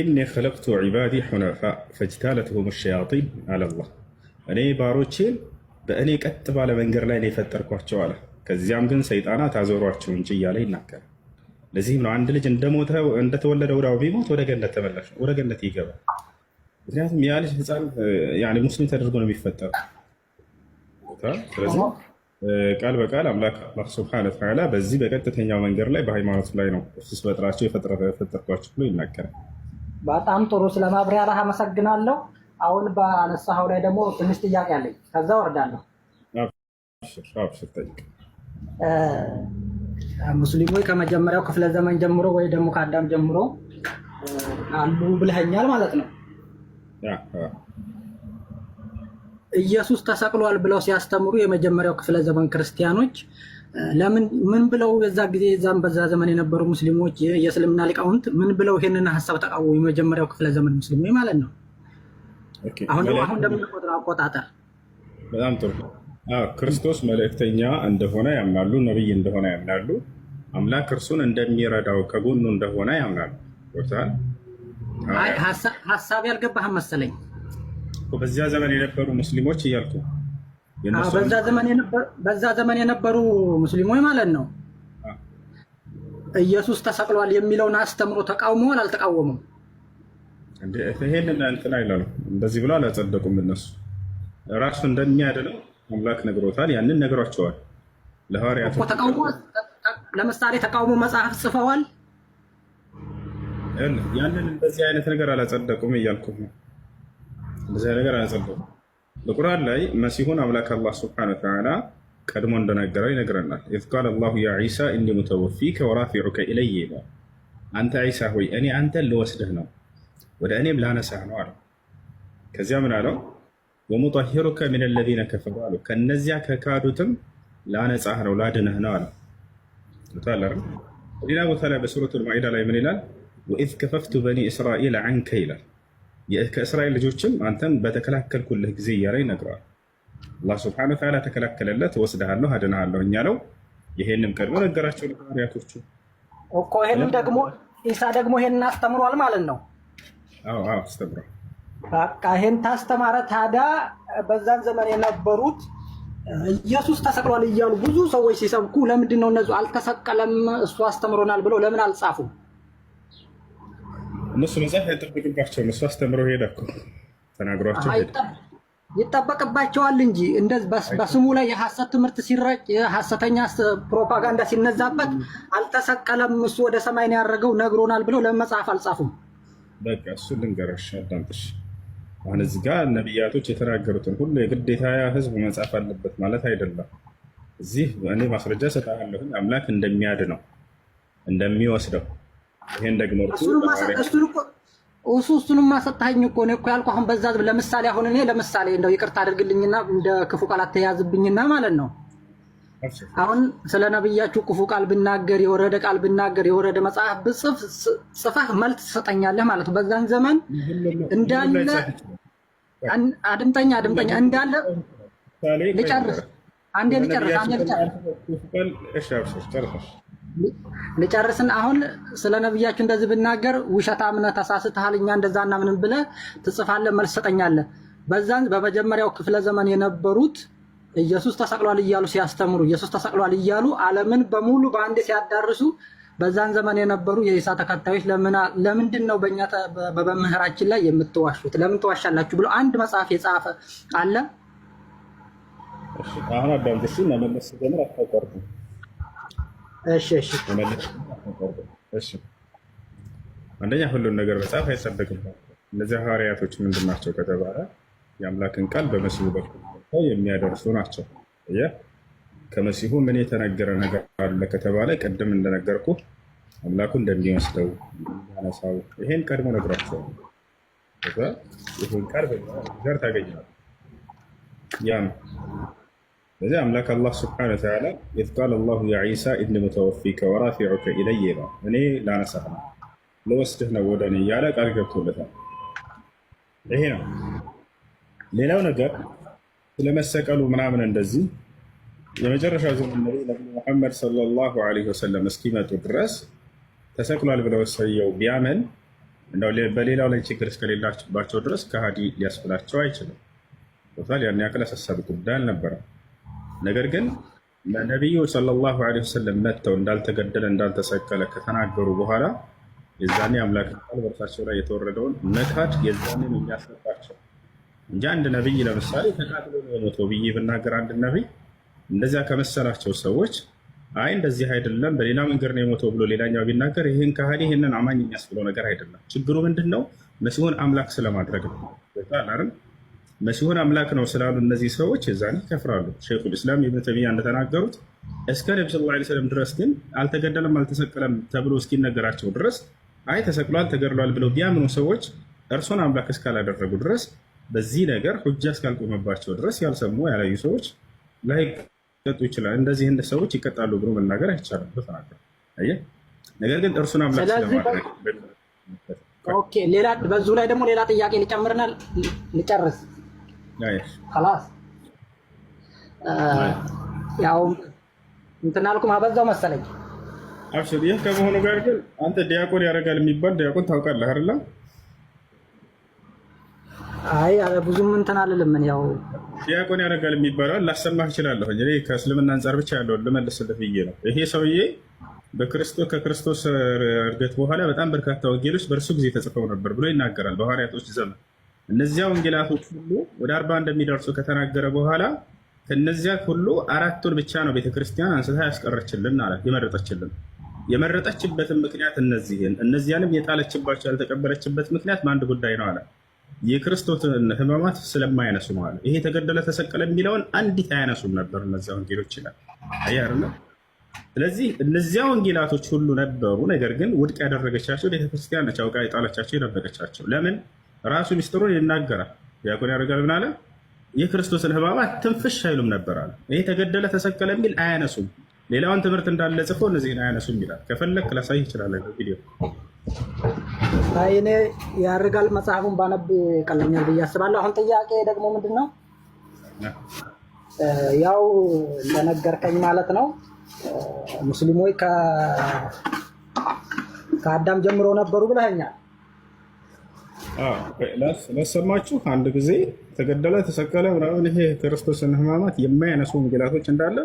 ኢኒ ኸለቅቱ ዒባዲ ሑነፋ ፈጅታለትሁም ሸያጢን አለላህ እኔ ባሮቼን በእኔ ቀጥ ባለ መንገድ ላይ ነው የፈጠርኳቸው አለ። ከዚያም ግን ሰይጣናት አዞሯቸው እንጂ እያለ ይናገራል። ለዚህም ነው አንድ ልጅ እንደተወለደ ወዲያው ቢሞት ወደ ገነት ተመላሽ ወደ ገነት ይገባል። ምክንያቱም ያ ልጅ ሕፃን ሙስሊም ተደርጎ ነው የሚፈጠረው። ስለዚህ ቃል በቃል አምላክ አላህ ሱብሓነሁ ወተዓላ በዚህ በቀጥተኛው መንገድ ላይ በሃይማኖት ላይ ነው እርሱስ በጥራቸው የፈጠርኳቸው ብሎ ይናገራል። በጣም ጥሩ ስለ ማብራሪያ አመሰግናለሁ። አሁን በአነሳኸው ላይ ደግሞ ትንሽ ጥያቄ አለኝ፣ ከዛ ወርዳለሁ። ሙስሊሞች ከመጀመሪያው ክፍለ ዘመን ጀምሮ ወይ ደግሞ ከአዳም ጀምሮ አሉ ብለኸኛል ማለት ነው። ኢየሱስ ተሰቅሏል ብለው ሲያስተምሩ የመጀመሪያው ክፍለ ዘመን ክርስቲያኖች ለምን ምን ብለው በዛ ጊዜ ዛም በዛ ዘመን የነበሩ ሙስሊሞች የእስልምና ሊቃውንት ምን ብለው ይሄንን ሀሳብ ተቃወሙ? የመጀመሪያው ክፍለ ዘመን ሙስሊሞች ማለት ነው። አሁን እንደምንቆጥረው አቆጣጠር በጣም ጥሩ ክርስቶስ መልእክተኛ እንደሆነ ያምናሉ። ነቢይ እንደሆነ ያምናሉ። አምላክ እርሱን እንደሚረዳው ከጎኑ እንደሆነ ያምናሉ። ወታል ሀሳብ ያልገባህም መሰለኝ። በዚያ ዘመን የነበሩ ሙስሊሞች እያልኩ በዛ ዘመን የነበሩ ሙስሊሞች ማለት ነው ኢየሱስ ተሰቅሏል የሚለውን አስተምሮ ተቃውሞ አልተቃወሙም? ይሄንን እንትን አይላሉ። እንደዚህ ብሎ አላጸደቁም። እነሱ ራሱ እንደሚያድነው አምላክ ነግሮታል። ያንን ነግሯቸዋል። ለሐዋርያቱ ለምሳሌ ተቃውሞ መጽሐፍ ጽፈዋል። ያንን እንደዚህ አይነት ነገር አላጸደቁም እያልኩ ነው። እንደዚህ ነገር አላጸደቁም በቁርአን ላይ መሲሁን አምላክ አላህ ስብሐነ ወተዓላ ቀድሞ እንደነገረው ይነግረናል። ኢዝ ቃለ አላሁ ያ ዒሳ እኒ ሙተወፊከ ወራፊዑከ ኢለየ ይላል። አንተ ዒሳ ሆይ እኔ አንተን ልወስድህ ነው፣ ወደ እኔም ላነሳህ ነው አለው። ከዚያ ምን አለው? ወሙጠሂሩከ ሚነ ለዚነ ከፈሩ አለው። ከእነዚያ ከካዱትም ላነጻህ ነው፣ ላድነህ ነው አለው። ሌላ ቦታ ላይ በሱረቱል ማኢዳ ላይ ምን ይላል? ወኢዝ ከፈፍቱ በኒ እስራኤል አንከ ይላል ከእስራኤል ልጆችም አንተም በተከላከልኩልህ ጊዜ እያለ ይነግረዋል። አላህ ስብሐነ ወተዓላ ተከላከለለት። ወስደሃለሁ፣ አድንሃለሁ እኛለው። ይሄንም ቀድሞ ነገራቸው ለሐዋርያቶቹ እኮ ይሄንም ደግሞ ኢሳ ደግሞ ይሄንን አስተምሯል ማለት ነው። አዎ አዎ አስተምሯል። በቃ ይሄን ታስተማረ። ታዲያ በዛን ዘመን የነበሩት ኢየሱስ ተሰቅሏል እያሉ ብዙ ሰዎች ሲሰብኩ ለምንድን ነው እነሱ አልተሰቀለም እሱ አስተምሮናል ብለው ለምን አልጻፉም? እነሱ መጽሐፍ አይጠበቅባቸው እሱ አስተምረው ሄደ እኮ ተናግሯቸው ሄደ። ይጠበቅባቸዋል እንጂ በስሙ ላይ የሐሰት ትምህርት ሲረጭ የሀሰተኛ ፕሮፓጋንዳ ሲነዛበት አልተሰቀለም እሱ ወደ ሰማይ ነው ያደረገው ነግሮናል ብለው ለመጽሐፍ አልጻፉም። በቃ እሱ ልንገረሽ፣ አዳምጥሽ። አሁን እዚህ ጋ ነቢያቶች የተናገሩትን ሁሉ የግዴታ ህዝብ መጽሐፍ አለበት ማለት አይደለም። እዚህ እኔ ማስረጃ ሰጣለሁ አምላክ እንደሚያድ ነው እንደሚወስደው ይሄን ደግሞ እሱ እሱንም ማሰጣኝ እኮ ነው እኮ ያልኩህ። አሁን በዛ ለምሳሌ አሁን እኔ ለምሳሌ እንደው ይቅርታ አድርግልኝና እንደ ክፉ ቃል አተያዝብኝና ማለት ነው። አሁን ስለ ነብያችሁ ክፉ ቃል ብናገር የወረደ ቃል ብናገር የወረደ መጽሐፍ ብጽፍ ጽፈህ መልስ ትሰጠኛለህ ማለት ነው። በዛን ዘመን እንዳለ አድምጠኛ አድምጠኛ እንዳለ ልጨርስ አንዴ ልጨርስ አንዴ ልጨርስ ልጨርስን አሁን ስለ ነብያችሁ እንደዚህ ብናገር ውሸት አምነህ ተሳስተሃል፣ እኛ እንደዛ እናምንም ብለህ ትጽፋለህ፣ መልስ ሰጠኛለህ። በዛን በመጀመሪያው ክፍለ ዘመን የነበሩት ኢየሱስ ተሰቅሏል እያሉ ሲያስተምሩ ኢየሱስ ተሰቅሏል እያሉ ዓለምን በሙሉ በአንዴ ሲያዳርሱ በዛን ዘመን የነበሩ የኢሳ ተከታዮች ለምንድን ነው በእኛ በመምህራችን ላይ የምትዋሹት? ለምን ትዋሻላችሁ? ብሎ አንድ መጽሐፍ የጻፈ አለ? አሁን አዳምጥ፣ እሺ መመለስ ጀምር፣ አንደኛ ሁሉን ነገር መጽሐፍ አይጠበቅም። እነዚያ ሐዋርያቶች ምንድን ናቸው ከተባለ የአምላክን ቃል በመሲሁ በኩል የሚያደርሱ ናቸው። ከመሲሁ ምን የተነገረ ነገር አለ ከተባለ ቅድም እንደነገርኩ አምላኩ እንደሚወስደው ያነሳው ይሄን ቀድሞ ነግሯቸዋል። ይህን ቃል በዘር ታገኛል። ያ ነው በዚያ አምላክ አላህ ስብሐነ ወተዓላ ኢዝ ቃለ አላሁ ያ ዒሳ ኢኒ ሙተወፊከ ወራፊዑከ ኢለየ ነው እኔ ላነሳህ ነው ለወስድህ ነው ወደ እኔ እያለ ቃል ገብቶለታል። ይሄ ነው። ሌላው ነገር ስለመሰቀሉ ምናምን እንደዚህ የመጨረሻ ዘመን ነቢ ነቢ ሙሐመድ ሰለላሁ ዐለይሂ ወሰለም እስኪመጡ ድረስ ተሰቅሏል ብለው ሰየው ቢያመን እንደው በሌላው ላይ ችግር እስከሌላባቸው ድረስ ከሃዲ ሊያስብላቸው አይችልም። ቶታል ያን ያክል አሳሳቢ ጉዳይ አልነበረም። ነገር ግን ነቢዩ ሰለላሁ ዐለይሂ ወሰለም መጥተው እንዳልተገደለ እንዳልተሰቀለ ከተናገሩ በኋላ የዛኔ አምላክ ቃል በእርሳቸው ላይ የተወረደውን መካድ የዛኔን ነው እንጂ አንድ ነቢይ ለምሳሌ ተቃጥሎ ነው የሞተው ብዬ ብናገር አንድ ነቢይ እንደዚያ ከመሰላቸው ሰዎች አይ እንደዚህ አይደለም በሌላ መንገድ ነው የሞተው ብሎ ሌላኛው ቢናገር ይህን ካህዲ ይህንን አማኝ የሚያስብለው ነገር አይደለም። ችግሩ ምንድን ነው? መሲሆን አምላክ ስለማድረግ ነው። መሲሁን አምላክ ነው ስላሉ እነዚህ ሰዎች እዛ ይከፍራሉ። ሸይኹል ኢስላም ኢብን ተይሚያ እንደተናገሩት እስከ ነቢ ስ ላ ስለም ድረስ ግን አልተገደለም አልተሰቀለም ተብሎ እስኪነገራቸው ድረስ አይ ተሰቅሏል ተገድሏል ብለው ቢያምኑ ሰዎች እርሱን አምላክ እስካላደረጉ ድረስ በዚህ ነገር ሁጃ እስካልቆመባቸው ድረስ ያልሰሙ ያላዩ ሰዎች ላይቀጡ ይችላል። እንደዚህ እንደ ሰዎች ይቀጣሉ ብሎ መናገር አይቻልም። ተናገር ነገር ግን እርሱን አምላክ ስለማድረግ ሌላ በዙ ላይ ደግሞ ሌላ ጥያቄ ልጨምርና ልጨርስ ላስ ያው እንትን አልኩም አበዛው መሰለኝ። አብሽር። ይህ ከመሆኑ ጋር ግን አንተ ዲያቆን ያደርጋል የሚባል ዲያቆን ታውቃለህ አይደለም? አይ ብዙም እንትን አልልም። ያው ዲያቆን ያደርጋል የሚባለዋል ላሰማህ እችላለሁ። እኔ ከእስልምና አንጻር ብቻ ያለውን ልመልስልህ ብዬ ነው። ይሄ ሰውዬ ከክርስቶስ እርገት በኋላ በጣም በርካታ ወንጌሎች በእርሱ ጊዜ ተጽፈው ነበር ብሎ ይናገራል በሐዋርያቶች ዘመን እነዚያ ወንጌላቶች ሁሉ ወደ አርባ እንደሚደርሱ ከተናገረ በኋላ ከነዚያ ሁሉ አራቱን ብቻ ነው ቤተክርስቲያን አንስታ ያስቀረችልን አላት። የመረጠችልን የመረጠችበትን ምክንያት እነዚህን እነዚያንም የጣለችባቸው ያልተቀበለችበት ምክንያት በአንድ ጉዳይ ነው አለ። የክርስቶስን ህመማት ስለማያነሱ ነው አለ። ይሄ ተገደለ፣ ተሰቀለ የሚለውን አንዲት አያነሱም ነበር እነዚያ ወንጌሎች ይላል። አያርነ ስለዚህ እነዚያ ወንጌላቶች ሁሉ ነበሩ፣ ነገር ግን ውድቅ ያደረገቻቸው ቤተክርስቲያን ነች። አውቃ የጣለቻቸው የደበቀቻቸው ለምን ራሱ ሚስጥሩን ይናገራል። ዲያቆን ያደርጋል ምን አለ? የክርስቶስን ሕማማት ትንፍሽ አይሉም ነበር አለ። ይሄ ተገደለ፣ ተሰቀለ የሚል አያነሱም። ሌላውን ትምህርት እንዳለ ጽፎ እነዚህን አያነሱም ይላል። ከፈለግ ላሳይህ ይችላለን ቪዲዮ እኔ ያደርጋል መጽሐፉን ባነብ ቀለኛል ብዬ አስባለሁ። አሁን ጥያቄ ደግሞ ምንድን ነው? ያው እንደነገርከኝ ማለት ነው ሙስሊሞች ከአዳም ጀምሮ ነበሩ ብለኸኛል ለሰማችሁ አንድ ጊዜ ተገደለ፣ ተሰቀለ ምናምን ይሄ ክርስቶስን ህማማት የማያነሱ ወንጌላቶች እንዳለ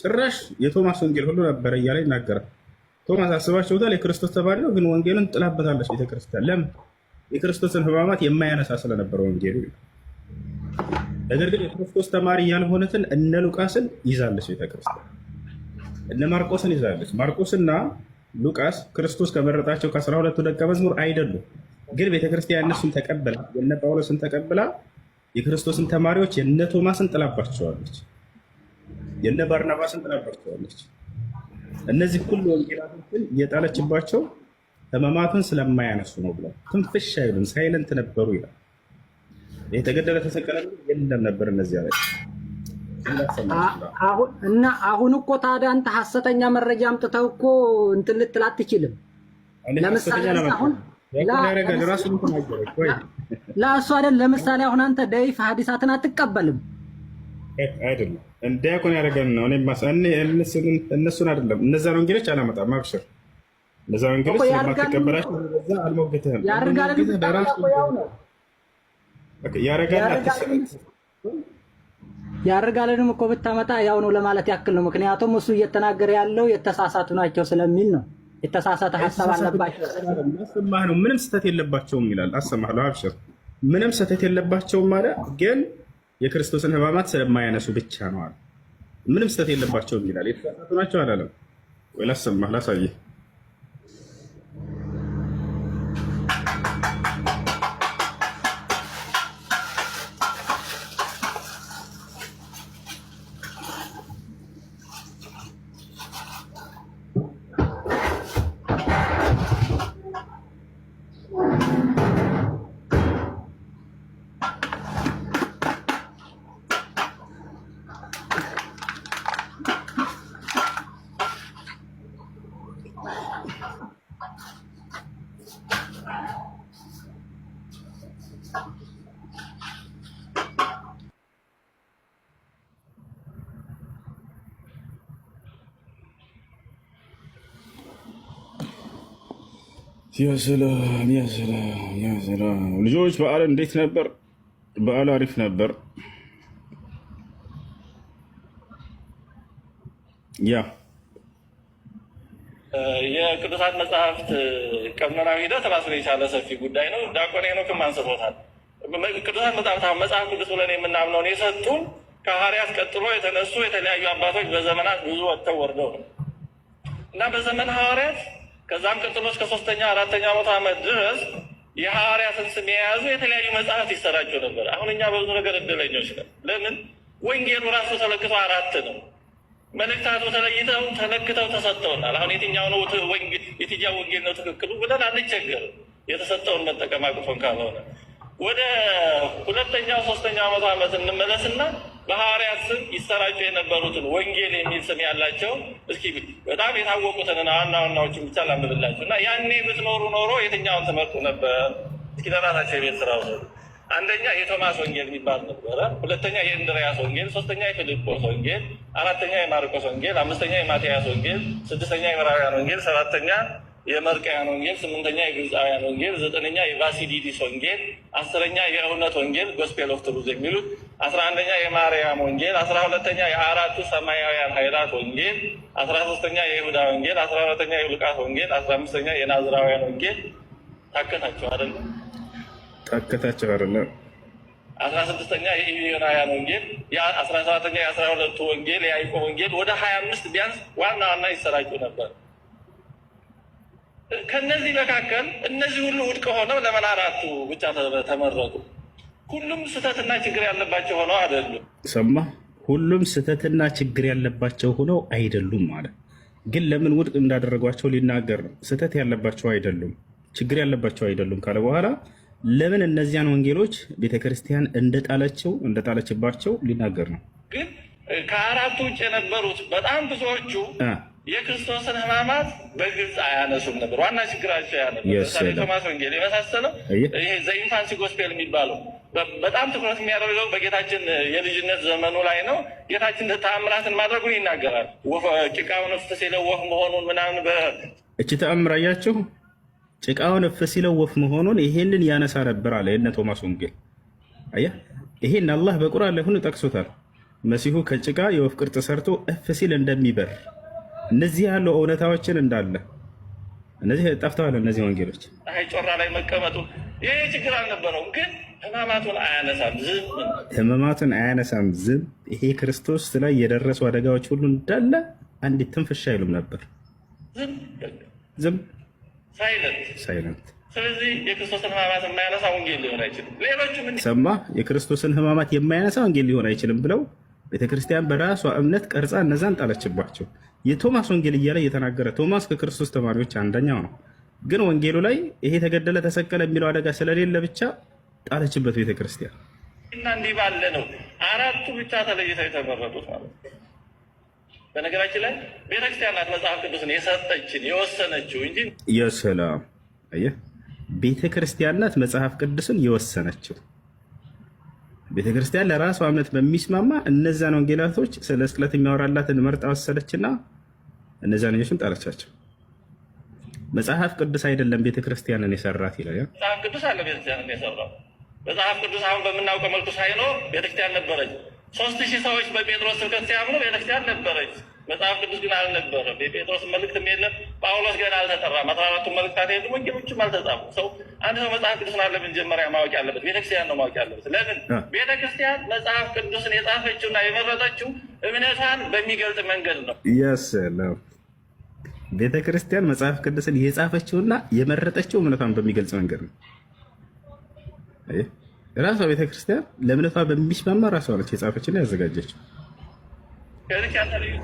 ጭራሽ የቶማስ ወንጌል ሁሉ ነበረ እያለ ይናገራል። ቶማስ አስባችሁታል? የክርስቶስ ተባሪ ነው፣ ግን ወንጌልን ጥላበታለች ቤተክርስቲያን። ለምን? የክርስቶስን ህማማት የማያነሳ ስለነበረ ወንጌሉ። ነገር ግን የክርስቶስ ተማሪ ያልሆነትን እነ ሉቃስን ይዛለች ቤተክርስቲያን፣ እነ ማርቆስን ይዛለች። ማርቆስና ሉቃስ ክርስቶስ ከመረጣቸው ከአስራ ሁለቱ ደቀ መዝሙር አይደሉም። ግን ቤተክርስቲያን እነሱን ተቀብላ የነ ጳውሎስን ተቀብላ የክርስቶስን ተማሪዎች የነ ቶማስን ጥላባቸዋለች፣ የነ ባርናባስን ጥላባቸዋለች። እነዚህ ሁሉ ወንጌላቶችን እየጣለችባቸው ህመማቱን ስለማያነሱ ነው ብለው ትንፍሽ አይሉም፣ ሳይለንት ነበሩ ይላል። የተገደለ ተሰቀለ የለም ነበር እነዚያ ላይ እና አሁን እኮ ታዲያ አንተ ሀሰተኛ መረጃ አምጥተው እኮ እንትን ልትል አትችልም። ለምሳሌ አሁን ለእሱ አይደል። ለምሳሌ አሁን አንተ ደይፍ ሀዲሳትን አትቀበልም አይደለም? እንዲያውቁን ያደረገን ነው። እነሱን አይደለም እነዛን ወንጌሎች አላመጣም። አብሽር እነዛ ወንጌሎች ስለማትቀበላቸው አልሞገትህም። ያደርጋልንም እኮ ብታመጣ ያው ነው ለማለት ያክል ነው። ምክንያቱም እሱ እየተናገረ ያለው የተሳሳቱ ናቸው ስለሚል ነው። የተሳሳተ ሀሳብ አለባቸው። ነው ምንም ስህተት የለባቸውም ይላል። አሰማህ ነው አብሽር፣ ምንም ስህተት የለባቸውም ማለት ግን የክርስቶስን ህማማት ስለማያነሱ ብቻ ነው አለ። ምንም ስህተት የለባቸውም ይላል። የተሳሳቱ ናቸው አላለም ወይ? ላሰማህ ላሳየህ የሰላም የሰላም የሰላም ልጆች በዓል እንዴት ነበር? በዓል አሪፍ ነበር። ያ የቅዱሳት መጽሐፍት ቀኖናዊ ሂደት ራሱን የቻለ ሰፊ ጉዳይ ነው። ዲያቆን ሄኖክም አንስቦታል። ቅዱሳት መጽሐፍት መጽሐፍ ቅዱስ ብለን የምናምነውን የሰጡን ከሐዋርያት ቀጥሎ የተነሱ የተለያዩ አባቶች በዘመናት ብዙ ወጥተው ወርደው ነው እና በዘመን ሐዋርያት ከዛም ቀጥሎ እስከ ሶስተኛ አራተኛ መቶ ዓመት ድረስ የሐዋርያትን ስም የያዙ የተለያዩ መጽሐፍት ይሰራቸው ነበር። አሁን እኛ በብዙ ነገር እድለኞች ነው። ለምን ወንጌሉ ራሱ ተለክቶ አራት ነው። መልእክታቱ ተለይተው ተለክተው ተሰጥተውናል። አሁን የትኛው ነው የትኛው ወንጌል ነው ትክክሉ ብለን አንቸገርም። የተሰጠውን መጠቀም አቅፎን ካልሆነ ወደ ሁለተኛው ሶስተኛው መቶ ዓመት እንመለስና በሐዋርያት ስም ይሰራጩ የነበሩትን ወንጌል የሚል ስም ያላቸው እስኪ በጣም የታወቁትን ዋና ዋናዎችን ብቻ ላንብብላችሁ እና ያኔ ብትኖሩ ኖሮ የትኛውን ትመርጡ ነበር? እስኪ ለራሳቸው የቤት ስራ ውሰዱ። አንደኛ የቶማስ ወንጌል የሚባል ነበረ። ሁለተኛ የእንድሪያስ ወንጌል፣ ሶስተኛ የፊልጶስ ወንጌል፣ አራተኛ የማርቆስ ወንጌል፣ አምስተኛ የማትያስ ወንጌል፣ ስድስተኛ የመራውያን ወንጌል፣ ሰባተኛ የመርቀያን ወንጌል፣ ስምንተኛ የግብፃውያን ወንጌል፣ ዘጠነኛ የቫሲዲዲስ ወንጌል፣ አስረኛ የእውነት ወንጌል ጎስፔል ኦፍ ትሩዝ የሚሉት፣ አስራ አንደኛ የማርያም ወንጌል፣ አስራ ሁለተኛ የአራቱ ሰማያውያን ኃይላት ወንጌል፣ አስራ ሶስተኛ የይሁዳ ወንጌል፣ አስራ አራተኛ የሉቃስ ወንጌል፣ አስራ አምስተኛ የናዝራውያን ወንጌል። ታከታቸው አደለ? ታከታቸው አደለ? አስራ ስድስተኛ የኢዮናውያን ወንጌል፣ አስራ ሰባተኛ የአስራ ሁለቱ ወንጌል፣ የያዕቆብ ወንጌል። ወደ ሀያ አምስት ቢያንስ ዋና ዋና ይሰራጩ ነበር። ከነዚህ መካከል እነዚህ ሁሉ ውድቅ ሆነው ለምን አራቱ ብቻ ተመረጡ? ሁሉም ስህተትና ችግር ያለባቸው ሆነው አይደሉም። ሰማ ሁሉም ስህተትና ችግር ያለባቸው ሆነው አይደሉም ማለት ግን ለምን ውድቅ እንዳደረጓቸው ሊናገር ነው። ስህተት ያለባቸው አይደሉም፣ ችግር ያለባቸው አይደሉም ካለ በኋላ ለምን እነዚያን ወንጌሎች ቤተክርስቲያን እንደጣለችው እንደጣለችባቸው ሊናገር ነው። ግን ከአራቱ ውጭ የነበሩት በጣም ብዙዎቹ የክርስቶስን ሕማማት በግልጽ አያነሱም ነበር። ዋና ችግራቸው ያ ነበር። ለምሳሌ ቶማስ ወንጌል የመሳሰለው ይሄ ዘኢንፋንሲ ጎስፔል የሚባለው በጣም ትኩረት የሚያደርገው በጌታችን የልጅነት ዘመኑ ላይ ነው። ጌታችን ተአምራትን ማድረጉን ይናገራል። ጭቃውን እፍ ሲለው ወፍ መሆኑን ምናምን እቺ ተአምር አያችሁ፣ ጭቃውን እፍ ሲለው ወፍ መሆኑን ይሄንን ያነሳ ነበር አለ የእነ ቶማስ ወንጌል። አያ ይሄን አላህ በቁርአን ላይ ሁሉ ጠቅሶታል። መሲሁ ከጭቃ የወፍ ቅርጽ ሰርቶ እፍ ሲል እንደሚበር እነዚህ ያሉ እውነታዎችን እንዳለ እነዚህ ጠፍተዋል። እነዚህ ወንጌሎች አይ ጮራ ላይ መቀመጡ ይህ ችግር አልነበረውም፣ ግን ህማማቱን አያነሳም፣ ዝም ህማማቱን አያነሳም፣ ዝም ይሄ ክርስቶስ ላይ የደረሱ አደጋዎች ሁሉ እንዳለ አንዲት ትንፍሽ አይሉም ነበር። ዝም ሳይለንት። ስለዚህ የክርስቶስን ህማማት የማያነሳ ወንጌል ሊሆን አይችልም። ሌሎቹ ሰማ የክርስቶስን ህማማት የማያነሳ ወንጌል ሊሆን አይችልም ብለው ቤተክርስቲያን በራሷ እምነት ቀርጻ እነዛን ጣለችባቸው። የቶማስ ወንጌል እያለ እየተናገረ ቶማስ ከክርስቶስ ተማሪዎች አንደኛው ነው። ግን ወንጌሉ ላይ ይሄ ተገደለ፣ ተሰቀለ የሚለው አደጋ ስለሌለ ብቻ ጣለችበት ቤተክርስቲያን። እና እንዲህ ባለ ነው አራቱ ብቻ ተለይተው የተመረጡት ማለት በነገራችን ላይ ቤተክርስቲያን ናት መጽሐፍ ቅዱስን የሰጠችን የወሰነችው እንጂ የሰላም ቤተክርስቲያን ናት መጽሐፍ ቅዱስን የወሰነችው ቤተክርስቲያን ለራሷ እምነት በሚስማማ እነዚያን ወንጌላቶች ስለ ስቅለት የሚያወራላትን መርጣ ወሰደችና እነዚያን ልጆችን ጣለቻቸው። መጽሐፍ ቅዱስ አይደለም ቤተክርስቲያንን የሰራት ይላል። መጽሐፍ ቅዱስ አለ ቤተክርስቲያንን የሰራው መጽሐፍ ቅዱስ አሁን በምናውቀው መልኩ ሳይኖር ቤተክርስቲያን ነበረች። ሶስት ሺህ ሰዎች በጴጥሮስ ስብከት ሲያምኑ ቤተክርስቲያን ነበረች። መጽሐፍ ቅዱስ ግን አልነበረም። የጴጥሮስ መልእክትም የለም ጳውሎስ ገና አልተጠራም። አስራ አራቱም መልእክታት የሉ ወንጌሎችም አልተጻፉ። ሰው አንድ ሰው መጽሐፍ ቅዱስን አለ መጀመሪያ ማወቅ ያለበት ቤተክርስቲያን ነው ማወቅ ያለበት። ለምን ቤተክርስቲያን መጽሐፍ ቅዱስን የጻፈችው እና የመረጠችው እምነቷን በሚገልጥ መንገድ ነው። የስ ነው ቤተ ክርስቲያን መጽሐፍ ቅዱስን የጻፈችውና የመረጠችው እምነቷን በሚገልጽ መንገድ ነው። ራሷ ቤተ ክርስቲያን ለእምነቷ በሚስማማ ራሷ ነች የጻፈችና ያዘጋጀችው። ከዚህ ያንተ ልዩ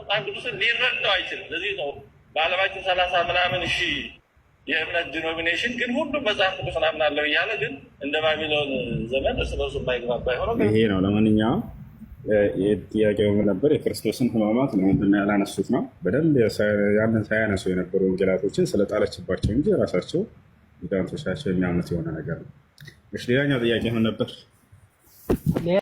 መጽሐፍ ቅዱስን ሊረዳው አይችልም። ለዚህ ነው በአለማችን ሰላሳ ምናምን ሺ የእምነት ዲኖሚኔሽን ግን ሁሉ መጽሐፍ ቅዱስ እናምናለሁ እያለ ግን እንደ ባቢሎን ዘመን እርስ በርሱ የማይግባባ ሆነ። ይሄ ነው ለማንኛውም ጥያቄ ነበር የክርስቶስን ሕማማት ለምንድነው ያላነሱት ነው። በደንብ ያንን ሳያነሱ የነበሩ ወንጌላቶችን ስለጣለችባቸው እንጂ ራሳቸው ሊቃውንቶቻቸው የሚያምኑት የሆነ ነገር ነው። ሌላኛው ጥያቄ ምን ነበር?